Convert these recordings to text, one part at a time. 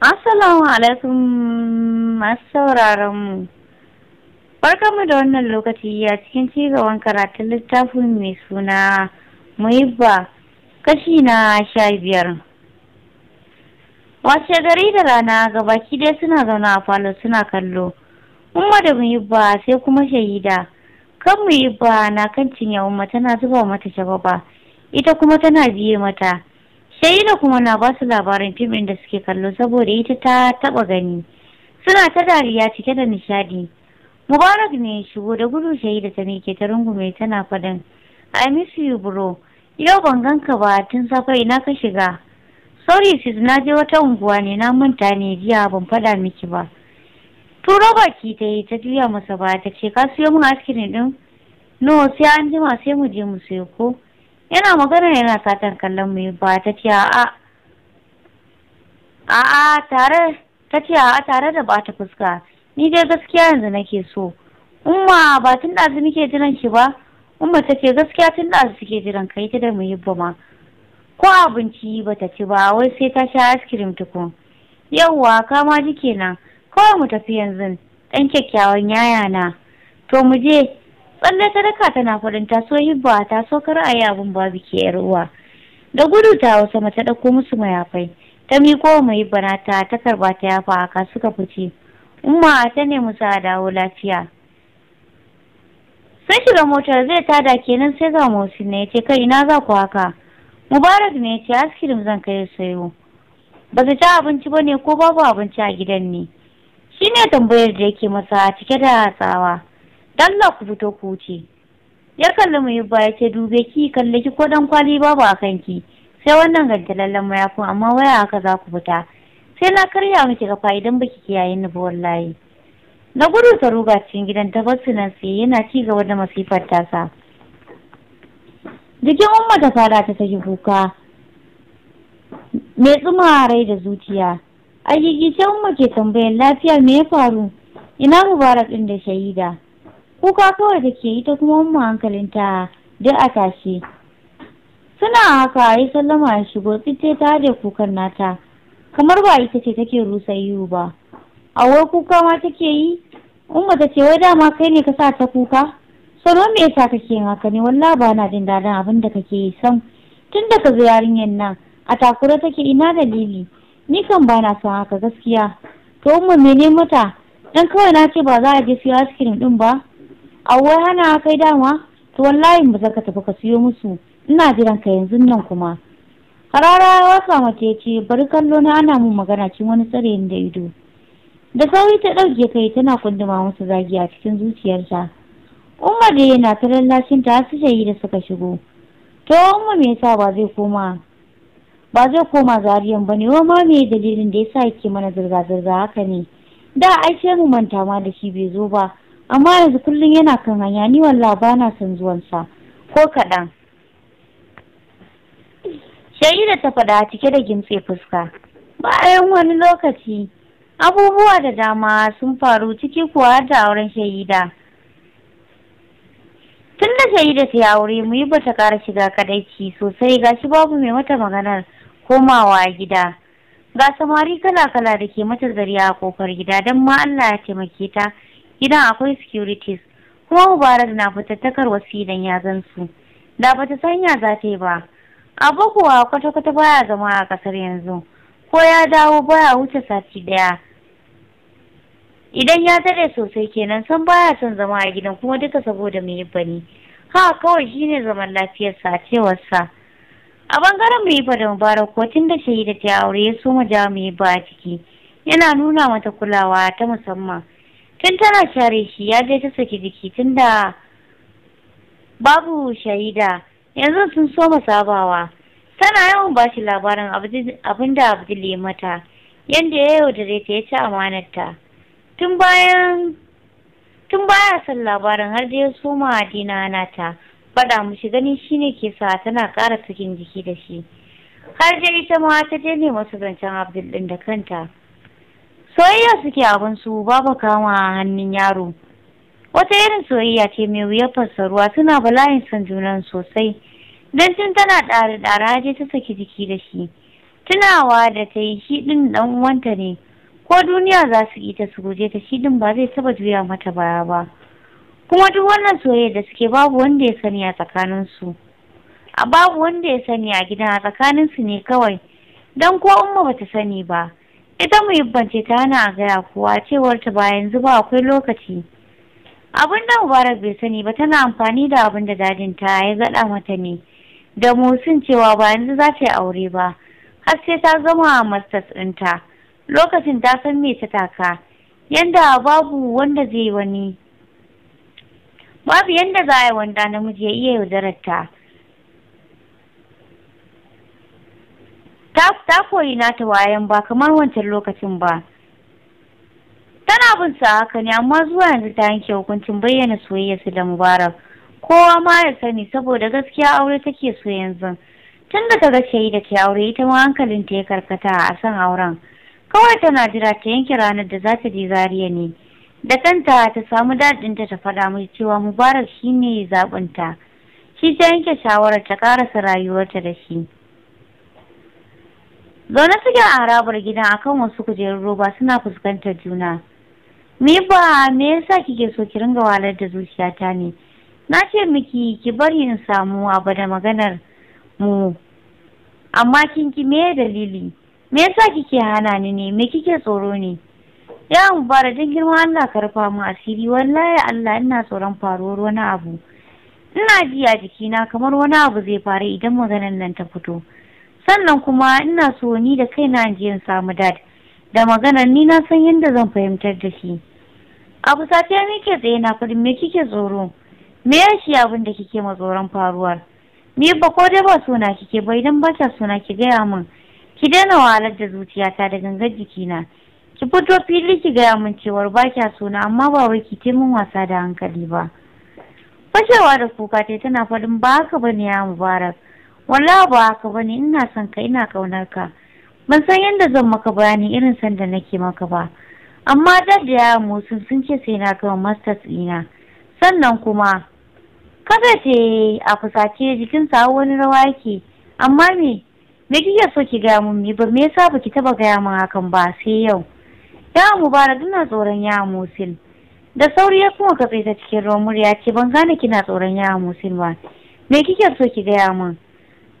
Assalamu alaikum masu sauraron mu. Barkanmu da wannan lokaci a cikin cigaban karatun littafin mai suna Muhibba kashi na sha biyar. Wace gari da rana gabaki dai suna zaune a falo suna kallo. Umma da ba sai kuma shahida. Kan ba na kan cinye Umma tana zuba mata shagaba. Ita kuma tana biye mata. sai da kuma na ba su labarin fim ɗin da suke kallo saboda ita ta taɓa gani suna ta dariya cike da nishadi mubarak ne shigo da gudu shahida ta miƙe ta rungume tana faɗan. i miss you bro yau ban gan ka ba tun safe ina ka shiga sorry sis na je wata unguwa ne na manta ne jiya ban fada miki ba turo baki ta yi ta juya masa ba ta ce ka siyo min askirin ɗin no sai an jima sai mu je mu siyo ko yana magana yana satan kallon mu ba ta ce a a tare ta ce a tare da bata fuska ni dai gaskiya yanzu nake so umma ba tun su nake jiran ki ba umma ta ce gaskiya tun su suke jiran kai ta da muhibba ma ko abinci ba ta ci ba wai sai ta sha askirim tukun ka kama ji kenan kawai mu tafi yanzu ɗan kyakkyawan yaya na to mu je tsalle ta daka tana faɗin taso so ba ta so kar a yi abin babu ke yar uwa da gudu ta wasa mata dauko ɗauko musu mayafai ta miƙo wa mai bana ta karba ta yafa haka suka fice umma ta nemi sa dawo lafiya sai shiga motar zai tada kenan sai ga motsi ne ya ce kai ina za ku haka mubarak ne ya ce askirim zan kai sayo ba su ci abinci ba ne ko babu abinci a gidan ne shi ne tambayar da yake masa cike da hatsawa dalla ku fito ku wuce ya kalli mu yi baya ce dube ki kalle ki ko dan kwali babu a kanki sai wannan gantalallen mayafin amma waya haka za ku fita sai na karya miki kafa idan baki kiyaye ni ba wallahi na gudu ta ruga cikin gidan nan sai yana ci gaba da masifar tasa jikin umma ta fara ta saki kuka mai tsuma rai da zuciya a gigice umma ke tambayar lafiya me ya faru ina mubarak ɗin da shahida kuka kawai da ke ita kuma umma hankalinta duk a tashi suna haka ya sallama ya shigo tsitte ta da kukan nata kamar ba ita ce take rusa yiwu ba a wai kuka ma take yi umma ta ce wai dama kai ne ka sa ta kuka sano me yasa kake yin haka ne wallahi ba na jin daɗin abin da kake yi san tun da ka zo yarinyar nan a takura take ina dalili ni kan ba na son haka gaskiya to umma ne mata dan kawai na ce ba za a je siyo ice cream din ba awwa hana kai dama to wallahi ba za ka tafi ka siyo musu ina jiran ka yanzu nan kuma karara wasa mace ce bari kallo na ana mun magana cikin wani tsare da ido da sauri ta ɗauke kai tana kunduma musu zagi a cikin zuciyarta umma da yana ta lallashin ta su shayi da suka shigo to umma me yasa ba zai koma ba zai koma zariyan bane wa ma me dalilin da yasa yake mana zirga zirga haka ne da aice mu manta ma da shi bai zo ba amma yanzu kullum yana kan hanya ni wallah ba na son zuwansa ko kaɗan shaida ta faɗa cike da gimtse fuska bayan wani lokaci abubuwa da dama sun faru ciki kuwa har da auren shahida tun da shaida ta yi aure mu yi bata ƙara shiga kadaici sosai gashi babu mai wata maganar komawa gida ga samari kala-kala da ke mata zariya a kofar gida don ma Allah ya taimake ta gidan akwai securities kuma mubarak na fitattakar wasidan ya zan da bata sanya za ta yi ba abu kuwa kwata-kwata baya zama a kasar yanzu ko ya dawo baya wuce sati daya idan ya tare sosai kenan san baya son zama a gidan kuma duka saboda mai bane ha kawai shine zaman lafiyarsa a cewarsa a bangaren mai ba da mubarak ko tun da shahida ta aure ya soma jawo ba a ciki yana nuna mata kulawa ta musamman tun tana share shi ya je ta saki jiki tun da babu shaida yanzu sun soma sabawa tana yawan ba shi labarin abin da abdul ya mata yadda ya yaudare ta ya ci amanarta tun bayan tun baya son labarin har da ya soma dina nata faɗa mushi ganin shine ke sa tana ƙara sakin jiki da shi har da ita ma ta je ne masu zancen abdul ɗin da kanta soyayya suke abin su babu kama hannun yaro wata irin soyayya ce mai wuyar fassaruwa suna bala'in son junan sosai don tun tana ɗari ɗara haje ta saki jiki da shi tunawa da ta yi shi ɗin ɗan uwanta ne ko duniya za su ita su guje ta shi ɗin ba zai taɓa juya mata baya ba kuma duk wannan soyayya da suke babu wanda ya sani a tsakaninsu a babu wanda ya sani a gidan a tsakanin su ne kawai don ko umma bata sani ba ita eh, muhimmanci ta hana a gaya kuwa cewar ta ba yanzu ba akwai lokaci abin da mubarak bai sani ba tana amfani da abin da dadin ta ya gaɗa mata ne da musun cewa ba yanzu za ta yi aure ba har sai ta zama gama masters ɗinta lokacin ta san me ta taka yanda babu wanda zai wani babu yanda za a yi wanda namiji ya iya yaudarar ta ta koyi nata wayan ba kamar wancan lokacin ba tana bin sa haka ne amma zuwa yanzu ta yanke hukuncin bayyana su da mubarak kowa ma ya sani saboda gaskiya aure take so yanzu tun da ta ga da ta aure ita ma hankalin ta ya karkata a san auren kawai tana jira ta yanke ranar da za ta je zariya ne da kanta ta samu daɗin ta ta faɗa mai cewa mubarak shine zaɓinta shi ta yanke shawarar ta ƙarasa rayuwarta da shi zaune suke a harabar gidan akan wasu kujerun roba suna fuskantar juna me ba me yasa kike so ki ringa walar da zuciyata ne na ce miki ki bari in samu abu da maganar mu amma kin ki me dalili me yasa kike hana ni ne me kike tsoro ne ya fara don girma Allah karfa mu asiri wallahi Allah ina tsoron faruwar wani abu ina ji a jikina kamar wani abu zai faru idan maganar nan ta fito sannan kuma ina so ni da kaina je in samu dad da maganar ni na san yadda zan fahimtar da shi abu safiya ke tsaye na fadin me kike tsoro me ya shi abin da kike ma tsoron faruwar ni ba ko dai ba suna kike ba idan ba ta suna ki gaya min ki daina wahalar da zuciyata da gangar jikina ki fito fili ki gaya min cewar ba kya suna amma ba wai ki taimun wasa da hankali ba fashewa da kuka tana faɗin ba haka ba ne ya mubarak wallahi ba haka bane ina son ka ina kaunar ka ban san yadda zan maka bayani irin sanda nake maka ba amma dad da yaya musu sun ce sai na kama masters ɗina sannan kuma kada ce a fusace jikin sa wani rawa yake amma me me kike so ki gaya mun me ba me yasa baki taba gaya mun hakan ba sai yau ya mubarak ina tsoron ya musin da sauri ya kuma ka ta cikin ruwan murya ce ban gane kina tsoron ya musin ba me kike so ki gaya mun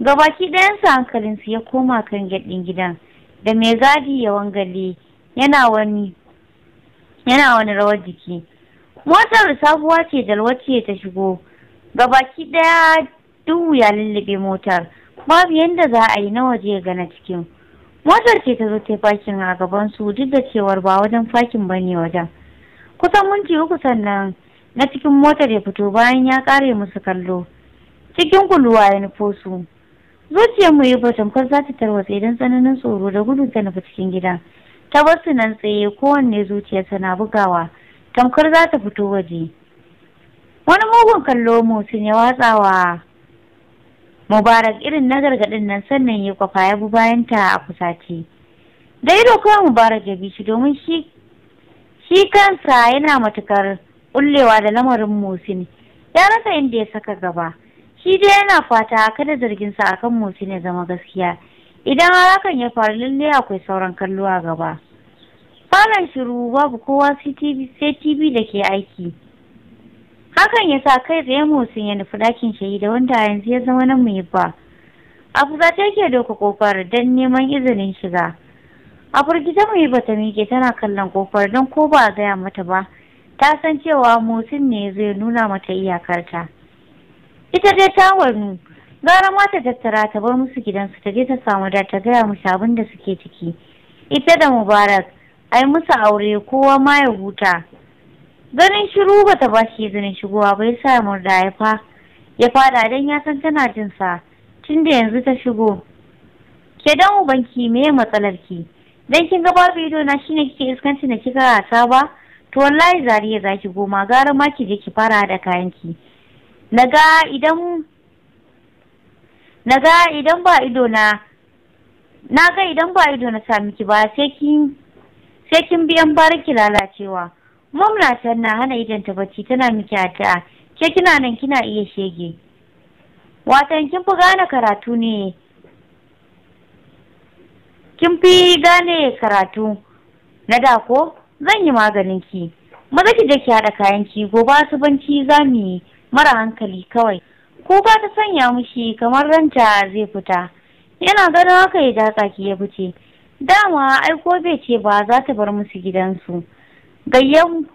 gabaki ɗayansa hankalinsu ya koma kan gyaɗin gidan da mai gadi ya wangale yana wani rawar jiki motar sabuwa ce da ce ta shigo gabaki ɗaya duhu ya lullube motar babu yadda za a yi na waje ga na cikin motar ce ta zo ta fakin a gaban su duk da cewar ba wajen fakin ba ne wajen kusan minti uku sannan na cikin motar ya fito bayan ya ƙare musu kallo cikin kuluwa ya nufo su zuciyar mu yi tamkar za ta tarwatsa idan tsananin tsoro da gudun ta nufi cikin gida ta bar su nan tsaye kowanne zuciyarsa na bugawa tamkar za ta fito waje wani mugun kallo motsin ya watsawa mubarak irin na gargaɗin nan sannan ya kwafa ya bi bayanta a kusace da ido kawai mubarak ya bi shi domin shi shi kansa yana matukar ƙullewa da lamarin musin ya rasa inda ya saka gaba shi dai yana fata kada zargin sa akan motsi ne zama gaskiya idan hakan ya faru lalle akwai sauran kallo a gaba falon shiru babu kowa sai tv da ke aiki hakan ya sa kai tsaye motsin ya nufi dakin shahida wanda yanzu ya zama nan mai ba a fusace yake doka kofar don neman izinin shiga a firgita mai bata miƙe tana kallon kofar don ko ba a gaya mata ba ta san cewa motsin ne zai nuna mata iyakarta ita dai ta warnu gara ma ta tattara ta bar musu gidansu ta je ta samu da ta gaya musu abin da suke ciki ita da mubarak ai musu aure kowa ma ya huta ganin shiru ba ta ba shi izinin shigowa bai sa murda ya fa ya fada dan ya san tana jin sa tun da yanzu ta shigo ke dan ubanki me matsalar ki dan kin ga babu ido na shine kike iskanci na kika ta ba to wallahi zariya zaki goma gara ma ki je ki fara da kayan ki naga idan naga idan ba ido na naga idan ba ido na sami ki ba sai kin sai kin biyan barki lalacewa mamlatar na hana idan ta bacci tana miki addu'a ke kina nan kina iya shege watan kin fi gane karatu ne kin fi gane karatu na da ko zan yi maganin ki maza ki je ki haɗa kayan ki gobe asubanci za mu yi mara hankali kawai kuka ta sanya mushi kamar ranta zai fita yana ganin haka ya ja tsaki ya fice dama ai ko bai ce ba za ta bar musu gidansu gayyan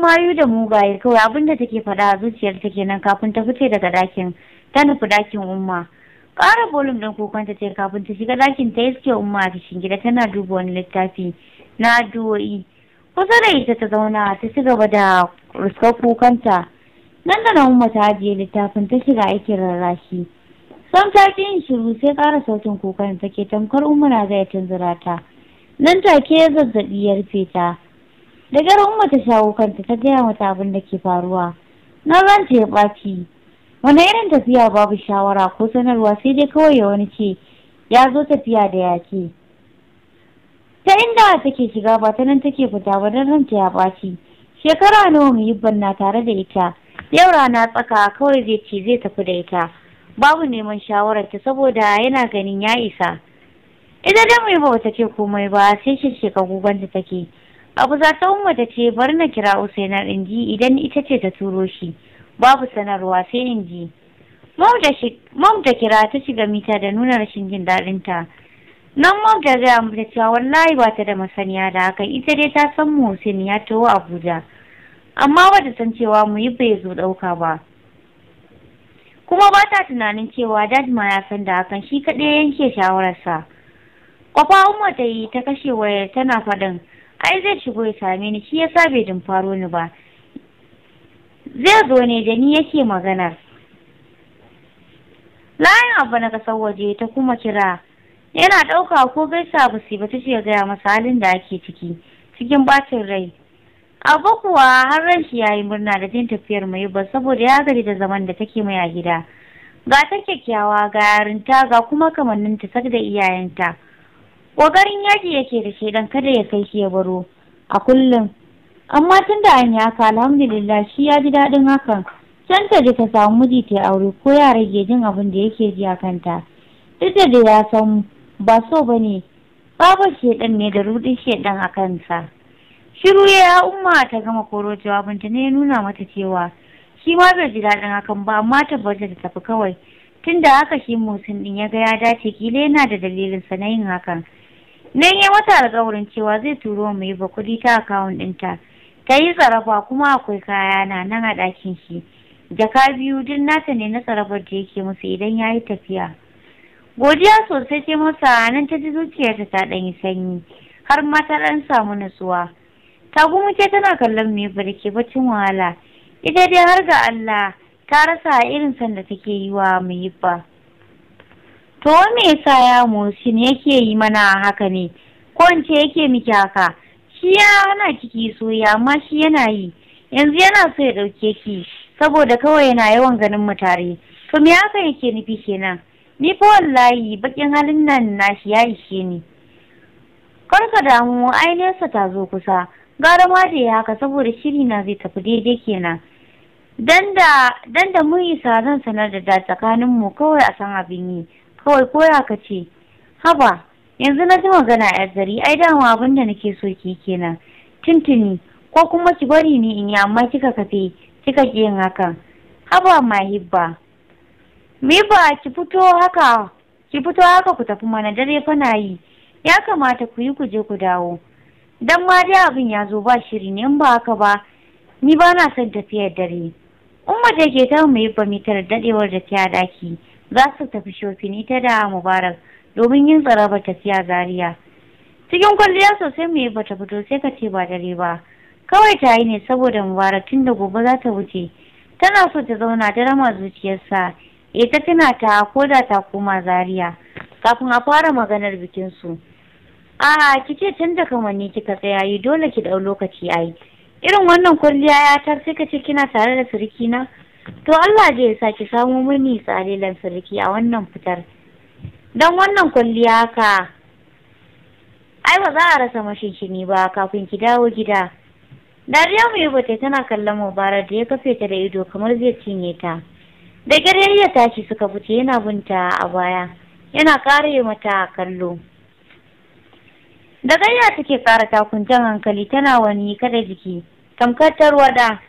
mayu da mugaye kawai abinda take faɗa a zuciyar ta kenan kafin ta fice daga dakin ta nufi dakin umma ƙara bolum ɗin ta ce kafin ta shiga dakin ta iske umma a cikin gida tana duba wani littafi na addu'o'i kusa da ita ta zauna ta ci gaba da ruskar kukanta nan da nan umma ta ajiye littafin ta shiga aikin rarrashi sam ta ƙi yin shiru sai kara sautin kukan take tamkar umma zai tunzura ta nan ta ke zazzaɓi ya rufe ta da gara umma ta shawo kanta ta gaya mata abin da ke faruwa na ranta ya ɓaci wani irin tafiya babu shawara ko sanarwa sai dai kawai ya wani ce ya zo tafiya da yake ta inda take shiga ba ta nan take fita ba don ranta ya ɓaci shekara nawa mu yi banna tare da ita yau rana tsaka kawai zai ce zai tafi da ita babu neman shawararta saboda yana ganin ya isa ita da mai ba ta ce komai ba sai shi shekaru guganta take abu za ta umma ta ce bari na kira usaina in ji idan ita ce ta turo shi babu sanarwa sai inji. ji da kira ta shiga mita da nuna rashin jin daɗinta. nan mom da gaya mu cewa wallahi ba ta da masaniya da haka ita dai ta san Muhsin ya taho Abuja amma ba ta san cewa mu yi bai zo ɗauka ba kuma ba ta tunanin cewa ma ya san da hakan shi kaɗai yanke shawararsa kwafa umma ta yi ta kashe wayar tana faɗin ai zai shigo ya same ni shi ya yasa bai dumfaro ni ba zai zo ne da ni yake maganar layin abu na kasar waje ta kuma kira yana ɗauka ko gaisa ba su ba ta ce gaya masa halin da ake ciki cikin bacin rai A kuwa har ran shi yayi murna da jin tafiyar mai ba saboda ya gari da zaman da take mai a gida ga ta kyakkyawa ga yarinta ga kuma kamannin ta sak da iyayenta ƙoƙarin yaji yake da shi dan kada ya kai shi ya baro a kullum amma tun da an yi haka alhamdulillah shi ya ji daɗin hakan can ta ji ta samu miji ta aure ko ya rage jin abin da yake ji a kanta duk da ya san mu. ba so ba ne babar shedan ne da rudin shedan a kansa shiru ya umma ta gama koro jawabinta ne ya nuna mata cewa shi ma bai ji daɗin hakan ba amma tabbata da tafi kawai tun da haka shi motsin ɗin ya ga ya dace kila yana da dalilin sa na yin hakan nan ya mata alƙawarin cewa zai turo mu yi kuɗi ta akawun ɗinta ta yi tsaraba kuma akwai kaya na nan a ɗakin shi jaka biyu duk nata ne na tsarabar da yake musu idan ya yi tafiya godiya sosai ce masa nan ta ji zuciyarta ta ɗan yi sanyi har ma ta ɗan samu nutsuwa ta ce tana kallon mai barke bacin wahala ita dai har ga Allah ta rasa irin sanda da take yi wa mai ba to me yasa ya motsin yake yi mana haka ne ko in ce yake miki haka shi ya hana kiki soya amma shi yana yi yanzu yana so ya ɗauke ki saboda kawai yana yawan ganin mu tare to me haka yake nufi kenan Ni fa wallahi bakin halin nan na shi ya ishe ni. Kar ka damu ai nesa ta zo kusa. Gara ma da ya haka saboda shiri na zai tafi daidai kenan. Dan da dan da mun isa zan sanar da da tsakanin mu kawai a san abin yi. Kawai ko ya ka ce. Haba yanzu na ji magana a zari ai dama abin da nake so ki kenan. tintini ko kuma ki bari ne in yi amma kika kafe kika ki yin hakan. Haba mahibba. Mifa ki fito haka ki fito haka ku tafi mana dare fana yi ya kamata ku yi ku je ku dawo Don ma dai abin ya zo ba shiri ne in ba haka ba ni ba na son tafiyar dare umma da ke ta mu yi ba mitar dadewar da ta daki za su tafi shofini ta da mubarak domin yin tsaraba tafiya zaria cikin kwalliya sosai mu yi ba ta fito sai ka ce ba dare ba kawai ta yi ne saboda mubarak tun da gobe za ta wuce tana so ta zauna da rama zuciyarsa ita tana ta koda ta koma zaria kafin a fara maganar bikin su a kike tun da kamanni kika tsaya yi dole ki dau lokaci ai irin wannan kwalliya ya tar sai ka ce kina tare da siriki na to Allah zai sa ki samo mini tsalilan siriki a wannan fitar dan wannan kwalliya ka ai ba za a rasa mashinkini ba kafin ki dawo gida dariya mai bata tana kallon mubarak da ya kafe ta da ido kamar zai cinye ta da ƙyar ya tashi suka fice yana binta a baya yana kare mata kallo da gayya take ƙara takuntan hankali tana wani kada jiki tamkar tarwada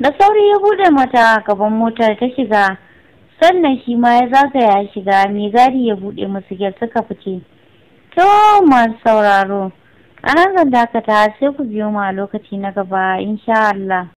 da sauri ya bude mata gaban motar ta shiga sannan shi ma ya zagaya ya shiga mai gadi ya bude masu gyar suka fice to masu sauraro a nan zan dakata sai ku biyo ma lokaci na gaba insha Allah